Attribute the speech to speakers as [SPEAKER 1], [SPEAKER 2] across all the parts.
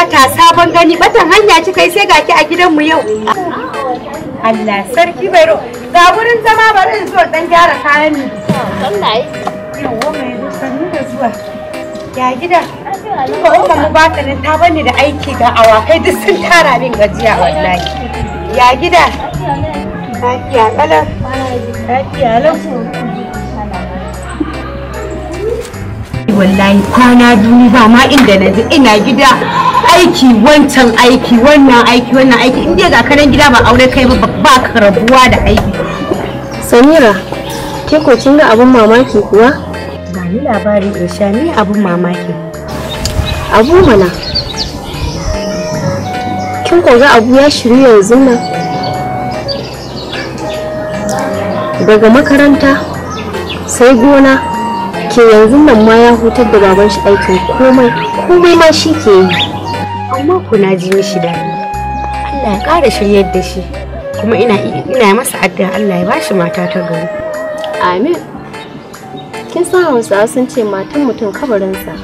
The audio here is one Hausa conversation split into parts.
[SPEAKER 1] wata sabon gani batan hanya ci kai sai gaki a gidanmu yau Allah sarki bai ro ga wurin zama bari in zo dan gyara kayan ni yi. yawa mai sanni da zuwa ya gida ko umma mu ba ta ta bani da aiki ga awakai duk sun tara min gajiya wallahi ya gida lafiya kalan lafiya lau wallahi kwana biyu ba ma inda na ji ina gida aiki wancan aiki wannan aiki wannan aiki in ga kanan gida ba aure kai ba ba ka rabuwa da aiki samira ke ko kin ga abun mamaki kuwa ga ni labarin insha ni abun mamaki abu mana kin ko ga abu ya shiru yanzu nan daga makaranta sai gona ke yanzu nan ma ya hutar da baban shi aikin komai komai ma shi ke yi amma ko ji mishi daɗi Allah ya ƙara shiryar da shi kuma ina ina masa addu'a Allah ya bashi mata ta gari amin kin san wasu sun ce matan mutum kabarinsa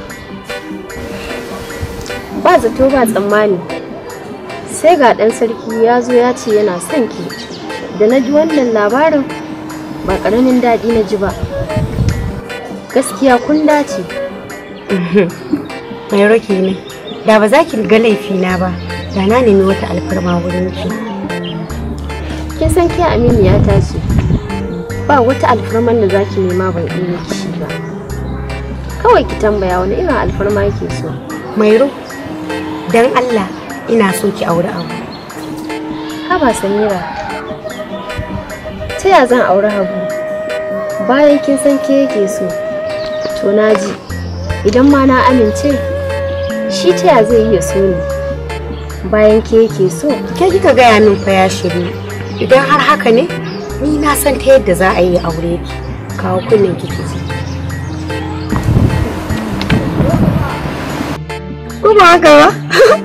[SPEAKER 1] ba zato ba tsammani sai ga 'dan sarki ya zo ya ce yana son ki da na ji wannan labarin ba ƙaramin daɗi na ji ba gaskiya kun dace mai roki ne da ba za ki laifi na ba da na nemi wata alfarma wurin ki kin san ke aminiya ya tashi ba wata alfarman da za ki nema ban iya miki ba kawai ki tambaya wani irin alfarma yake so mairo dan allah ina so ki aure abu haba samira ta ya zan aure habu bayan kin san ke yake so to na ji idan ma na amince shi ta zai iya so ne bayan ke yake so ke kika gaya min fa ya idan har haka ne ni na san ta yadda za a yi aure kawo kunnen kiki ko Kuma haka ba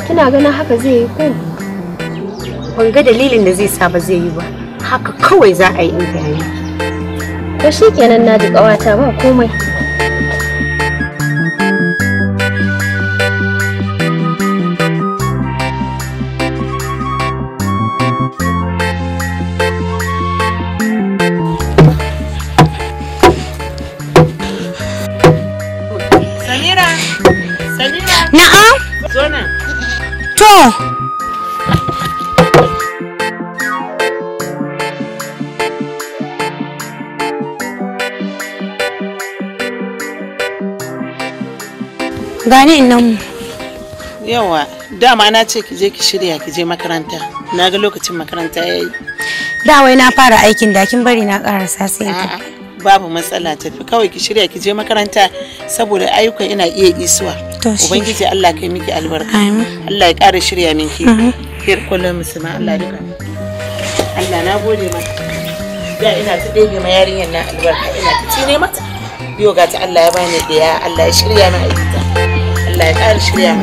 [SPEAKER 1] kina ganin haka zai yi ko ban ga dalilin da zai sa ba zai yi ba haka kawai za a yi in ta yi to na ji kawata ba komai gani nan
[SPEAKER 2] yawa dama na ce ki je ki shirya ki je makaranta na ga lokacin makaranta ya yi
[SPEAKER 1] da wai na fara aikin da kin bari na karasa sai ka
[SPEAKER 2] babu matsala tafi kawai ki shirya ki je makaranta saboda ayyukan ina iya isuwa ubangiji Allah kai miki albarka Allah ya ƙara shirya miki mhm. kir kullum musulma Allah duka Allah na gode maka da ina ta ɗebe ma yarinyar na albarka ina ta ne mata yau ga ta Allah ya bani ɗaya Allah ya shirya na aiki Allah ya ƙara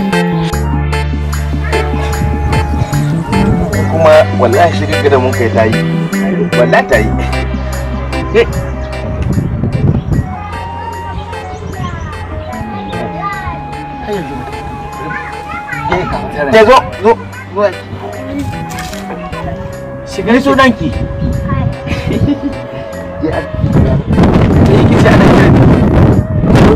[SPEAKER 2] kuma wallahi da mun kai ta yi wallahi ta yi zo, zo, zo. Shigar Ya.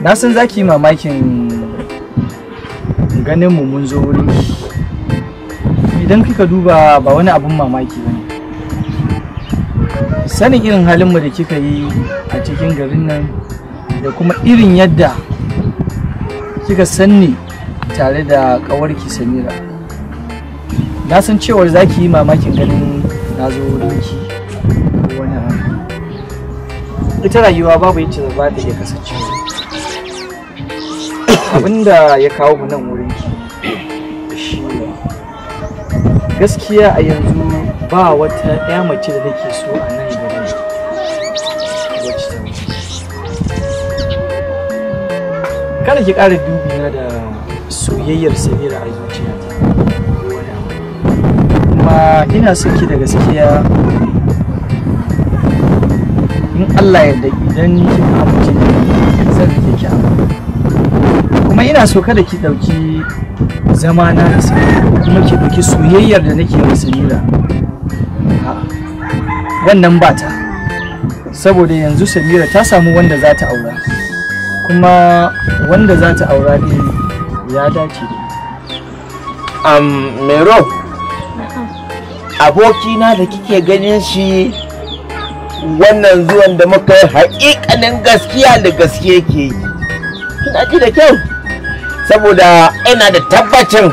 [SPEAKER 3] na san za ki yi mamakin ganin mu mun zo wurin idan kika duba ba wani abun mamaki ba ne sanin irin halin mu da kika yi a cikin garin nan da kuma irin yadda kika sanni tare da ƙawarki samira na san cewar za ki yi mamakin ganin na zo wurinki wani ita rayuwa babu yadda za ta iya abinda ya kawo mu nan wurin ki shi gaskiya a yanzu ba wata ɗaya mace da nake so a nan garin kada ki ƙara dubina da soyayyar sabira a zuciyata kuma ina son ki da gaskiya in Allah ya da idan kika mutum ne zan rike ki amma ina so kada ki ɗauki zama na da kuma ki ɗauki soyayyar da nake wa samira wannan ba ta saboda yanzu samira ta samu wanda za ta aura kuma wanda za ta aura ne ya
[SPEAKER 2] dace da um, mero abokina da kike ganin shi wannan zuwan da muka yi haƙiƙanin gaskiya da gaske ke yi kina ji da kyau saboda ina da tabbacin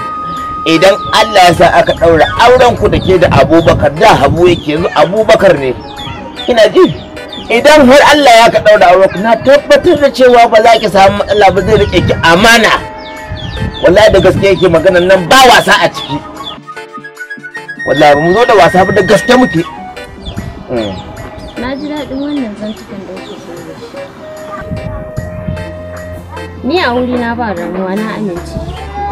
[SPEAKER 2] idan Allah ya sa aka ɗaura auren ku da ke da abubakar da habu yake yanzu abubakar ne ina ji idan har Allah ya ka ɗaura auren ku na tabbatar da cewa ba za ki samu matsala ba zai riƙe ki amana wallahi da gaske yake maganar nan ba wasa a ciki wallahi mu zo da wasa ba
[SPEAKER 4] da gaske muke hmm.
[SPEAKER 1] na ji daɗin wannan zantukan da ni a wuri na ba damuwa na amince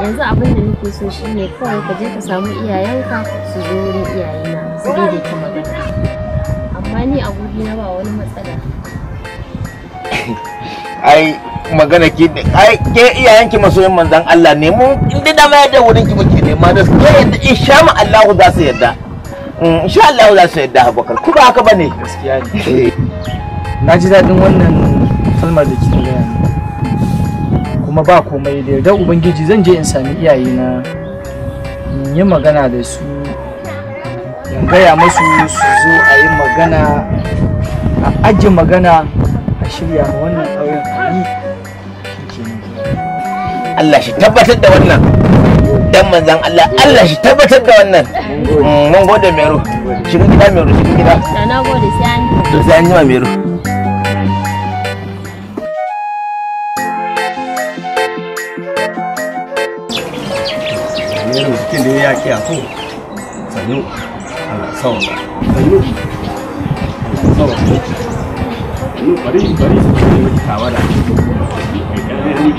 [SPEAKER 1] yanzu abin da nake so shine kawai ka je ka samu iyayenka su zo wurin iyayena su daidaita magana amma ni a wuri na ba wani matsala
[SPEAKER 2] ai magana ke ai ke iyayenki masoyin manzon Allah ne mu in da dama yadda wurin ki muke nema da ke yadda insha Allah za su yadda mm, insha Allah za su yadda Abubakar ku ba haka bane gaskiya ne na ji dadin wannan
[SPEAKER 3] salmar da kike gaya kuma ba komai da yarda ubangiji zan je in sami iyaye na in yi magana da su in gaya musu su zo a yi magana a ajiye magana a shirya ma wannan aure.
[SPEAKER 2] Allah shi tabbatar da wannan dan manzan Allah Allah shi tabbatar da wannan mun gode mm, mero shi gida mero shi gida
[SPEAKER 1] na gode sai an
[SPEAKER 2] yi ma sai an yi mero
[SPEAKER 5] ne ya ki a ko sannu Allah sawa sannu Allah sawa sannu bari bari
[SPEAKER 2] su ne tawa da mai ƙarfi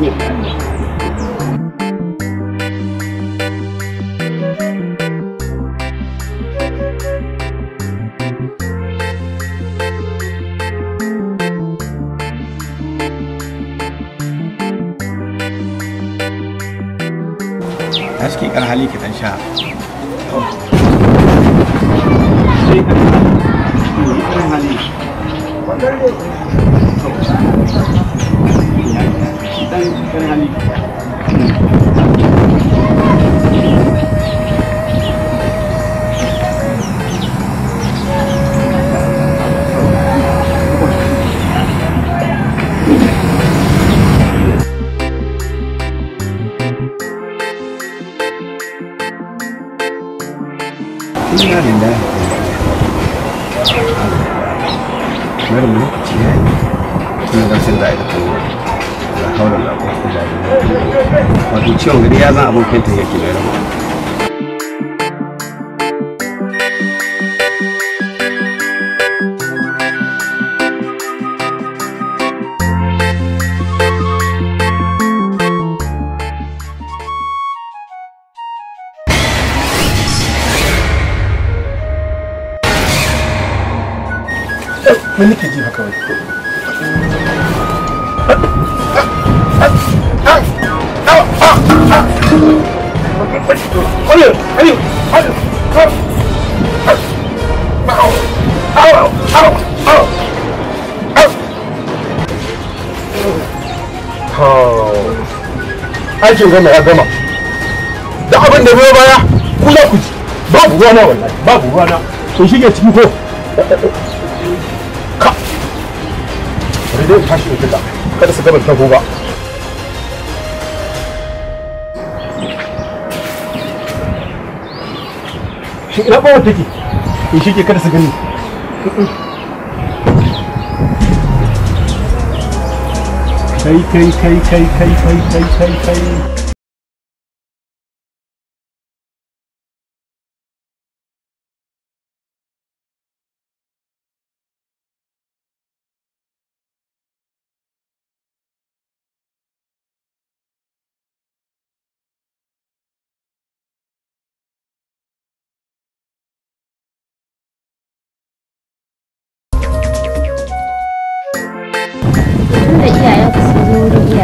[SPEAKER 2] ne da shi
[SPEAKER 4] na nake ji haka wai aikin gama ya gama da abin da baya ku za ku ji babu ruwa na wallahi babu ruwa na to ciki ko dai tashi da kada su gaba taho ba shi ina ɓawar take in shi ke kada su gani kai kai kai kai kai kai kai
[SPEAKER 3] kai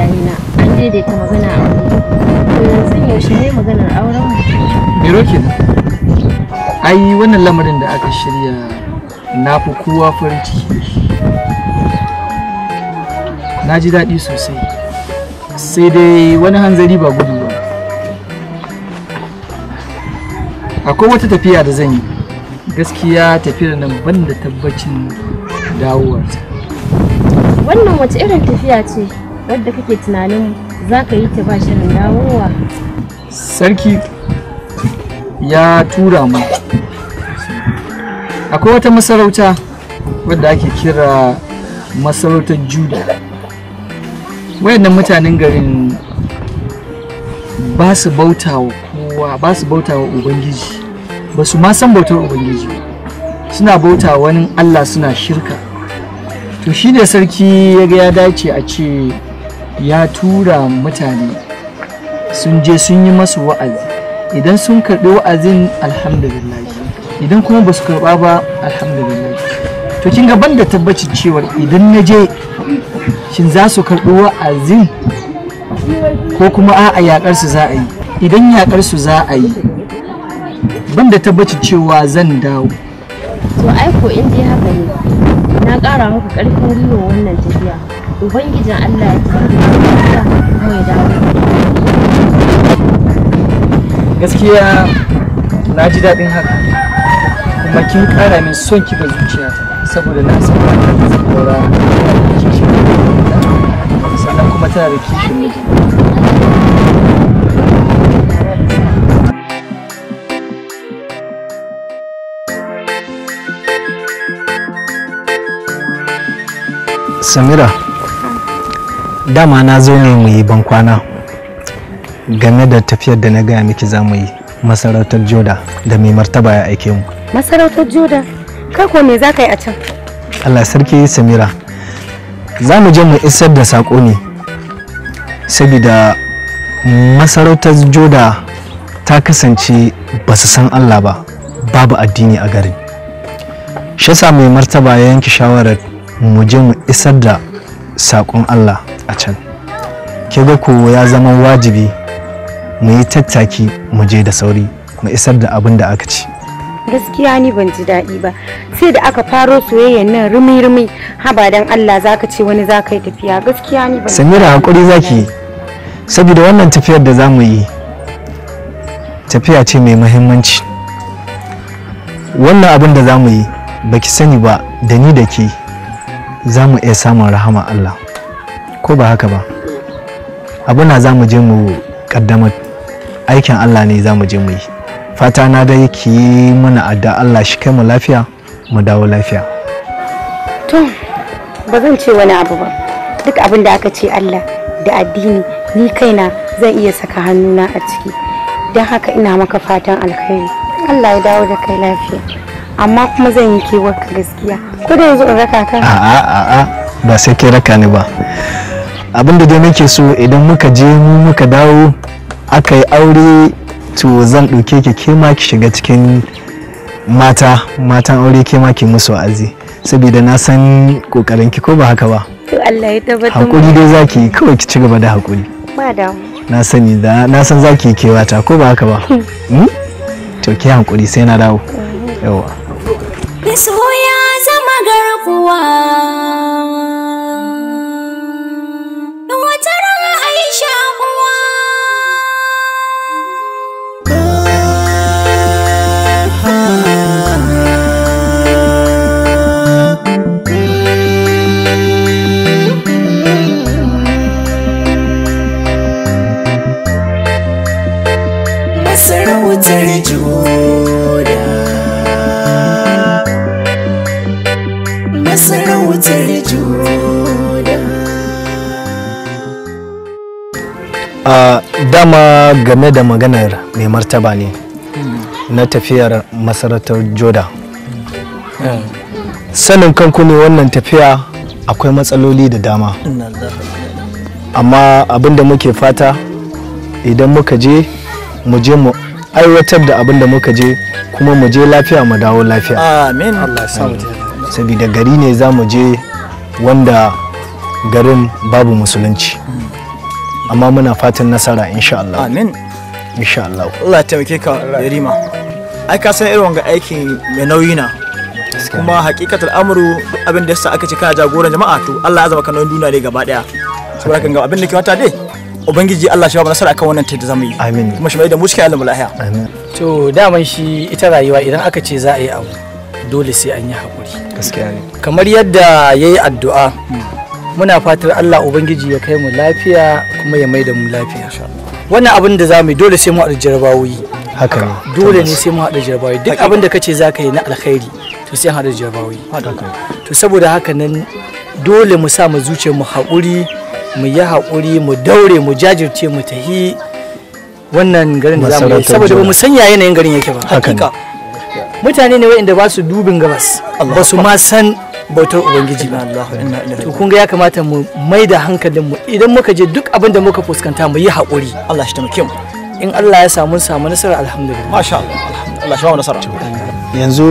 [SPEAKER 1] tsakanina an daidaita magana a wani yanzu yaushe ne maganar auren mu
[SPEAKER 3] ke ai wannan lamarin da aka shirya na fi kowa farin ciki na ji daɗi sosai sai dai wani hanzari ba gudu ba akwai wata tafiya da zan yi gaskiya tafiyar nan ban da tabbacin dawowarta
[SPEAKER 1] wannan wace irin tafiya ce wadda kake tunanin za ka yi ta ba shirin dawowa
[SPEAKER 3] sarki ya tura mu akwai wata masarauta wadda ake kira masarautar juda wayannan mutanen garin ba su bauta wa kowa ba su bauta wa ubangiji ba su ma san bautar ubangiji suna bauta wani allah suna shirka to shi ne sarki ya ga ya dace a ce ya tura mutane sun je sun yi masu wa'azi idan sun karɓi wa'azin alhamdulillah idan kuma ba su karɓa ba alhamdulillah to kin ga banda tabbacin cewa idan na je shin za su karɓi wa'azin ko kuma a'a yakar su za a yi idan yakar su za a yi banda tabbacin cewa zan dawo
[SPEAKER 1] to ai ko in dai haka ne na ƙara muku ƙarfin gwiwa wannan tafiya ubangijin Allah ya
[SPEAKER 3] gaskiya na ji daɗin haka kuma kin ƙara min son ki ga zuciya saboda na san ba ta da sannan kuma tana da kishin
[SPEAKER 5] Samira, dama na zo ne mu yi bankwana game da tafiyar da na gaya miki za mu yi masarautar joda da mai martaba ya aike mu
[SPEAKER 1] masarautar joda kai ko me za ka yi a can
[SPEAKER 5] allah sarki samira za mu je mu isar da saƙo ne saboda masarautar joda ta kasance ba su san allah ba babu addini a garin shi mai martaba ya yanke shawarar mu je mu isar da saƙon allah a can ga ko ya zama wajibi mu yi tattaki mu je da sauri mu isar da abin da aka ci
[SPEAKER 1] gaskiya ni ban ji daɗi ba sai da aka faro soyayyar nan rumi-rumi haba dan Allah zaka ce wani zaka yi tafiya gaskiya ni ban
[SPEAKER 5] Samira hakuri zaki saboda wannan tafiyar da za yi tafiya ce mai muhimmanci wannan abin da za yi baki sani ba da ni da ke za mu iya samun rahama Allah ko ba haka ba abuna za mu je mu kaddamar aikin allah ne za mu je mu yi fata na dai yake yi mana adda allah shi kai mu lafiya mu dawo lafiya
[SPEAKER 1] to ba zan ce wani abu ba duk abin da aka ce allah da addini ni kaina zan iya saka hannuna a ciki don haka ina maka fatan alkhairi allah ya dawo da kai lafiya amma kuma zan yi kewar ka gaskiya ko da yanzu in raka ka a'a a'a
[SPEAKER 5] ba sai ke raka ni ba abinda dai nake so idan muka je mu muka dawo aka yi aure to zan ɗauke ki ke ma ki shiga cikin mata matan aure ke ma ki musu wa'azi saboda na san kokarin ki ko ba haka ba
[SPEAKER 1] to Allah ya tabbatar hakuri dai
[SPEAKER 5] zaki kawai ki ci gaba da hakuri madam na sani da na san zaki kewata ko ba haka ba hmm? to ki hakuri sai na dawo yawa a dama game da maganar mai martaba ne na tafiyar masarautar joda sanin kanku ne wannan tafiya akwai matsaloli da dama amma abinda muke fata idan muka je mu je mu aiwatar da abinda muka je kuma mu je lafiya mu dawo lafiya amin sabida gari ne za mu je wanda garin babu musulunci amma muna fatan nasara insha Allah amin insha Allah Allah ya taimake ka Yarima ai ka san irin wanga aikin mai nauyi na kuma hakikatar amru abin da yasa aka ci ka jagoran jama'a
[SPEAKER 3] to Allah ya zama ka nauyin duniya ne gaba daya saboda kan ga abin da ke wata dai ubangiji Allah shi ba nasara akan wannan ta da zamu yi amin kuma shi mai da mu cikin Allah lahiya amin to daman shi ita rayuwa idan aka ce za a yi abu dole sai an yi hakuri gaskiya ne kamar yadda yayi addu'a hmm. muna fatar Allah ubangiji ya kai mu lafiya kuma ya maida mu lafiya wannan abin da za mu yi dole sai mu haɗa jarabawoyi haka ne dole ne sai mu haɗa jarabawoyi duk abin da kace za ka yi na alkhairi to sai haɗa jarabawoyi to saboda haka nan dole mu sa mu zuce mu haƙuri mu yi haƙuri mu daure mu jajirce mu tahi wannan garin da za mu yi saboda ba mu sanya yanayin garin yake ba ne. mutane ne waɗanda ba su dubin gabas ba su ma san bautar ubangiji ba to kun ga ya kamata mu mai da hankalin mu idan muka je duk abin da muka fuskanta mu yi haƙuri Allah shi taimake mu in Allah ya samu samu nasara alhamdulillah masha Allah
[SPEAKER 5] Allah shi ba nasara yanzu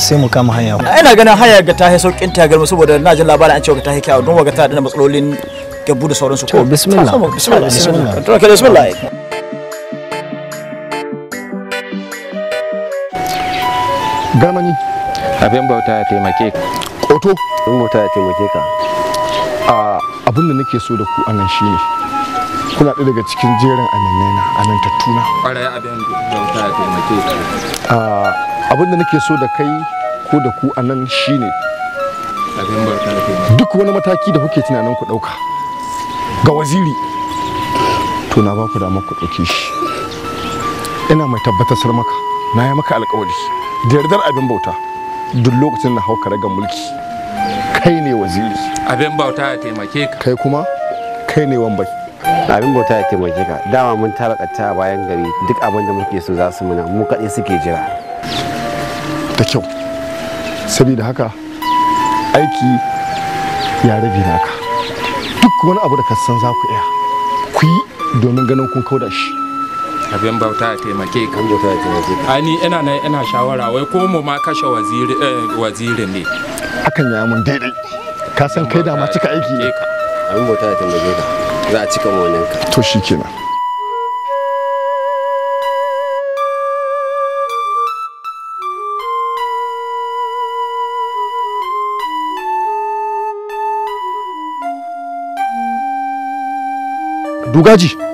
[SPEAKER 5] sai mu kama hanya
[SPEAKER 3] ina ganin haya ga ta ta tagalma saboda na jin labarin an ce ga ta kyawu don ga ta da matsalolin gabu da sauransu ko bismillah bismillah bismillah bismillah
[SPEAKER 4] gamani
[SPEAKER 2] abin bauta ya taimake Oto? in mota ya taimake ka
[SPEAKER 4] a abin da nake so da ku anan shine kuna ɗaya daga cikin jerin anannai na anantattuna ƙwaraya
[SPEAKER 2] abin da mota ya taimake
[SPEAKER 4] ka abin da nake so da kai ko da ku anan shine duk wani mataki da kuke tunanin ku ɗauka ga waziri to na ba ku dama ku ɗauke shi ina mai tabbatar maka na yi maka alƙawari da yardar abin bauta duk lokacin da hauka raga mulki kai ne waziri abin bauta ya taimake ka kai kuma kai ne wambai abin bauta ya taimake ka
[SPEAKER 2] dama mun tara a bayan gari duk abin da muke so za su muna mu kaɗai suke jira
[SPEAKER 4] da kyau saboda haka aiki ya rabi naka duk wani abu da ka san za ku iya ku yi domin ganin kun kauda shi
[SPEAKER 2] abin bauta a taimake ka ani ina na ina shawara wai ko mu ma kashe waziri eh, waziri ne
[SPEAKER 4] Akan yi mun daidai ka san kai da ma cika
[SPEAKER 2] aiki ne abin bauta a taimake ka za a cika wannan ka
[SPEAKER 4] to shikenan Dugaji.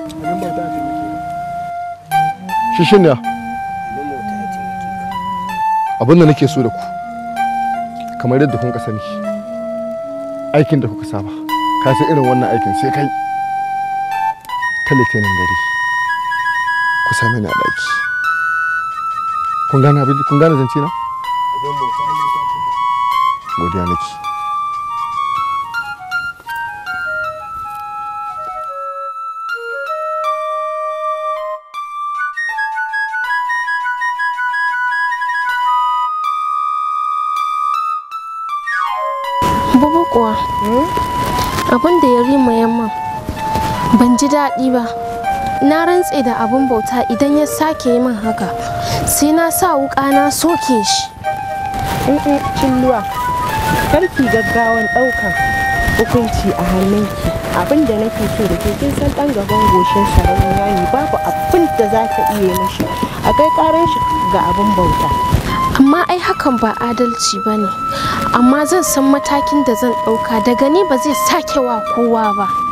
[SPEAKER 4] shi shi ne abin da nake so da ku kamar yadda kun ka sani aikin da kuka saba ka san irin wannan aikin sai kai ta litinin gari ku same ni a ɗaki kun gane zance na godiya nake
[SPEAKER 1] daɗi ba na rantse da abin bauta idan ya sake yi min haka sai na sa wuka na soke shi in cilluwa karki gaggawan ɗaukar hukunci a hannunki abin da nake so da ke kin san ɗan gaban goshin sarauniya yayi babu abin da za ka iya mashi a kai ƙarar shi ga abin bauta amma ai hakan ba adalci ba ne amma zan san matakin da zan ɗauka daga ni ba zai sake wa kowa ba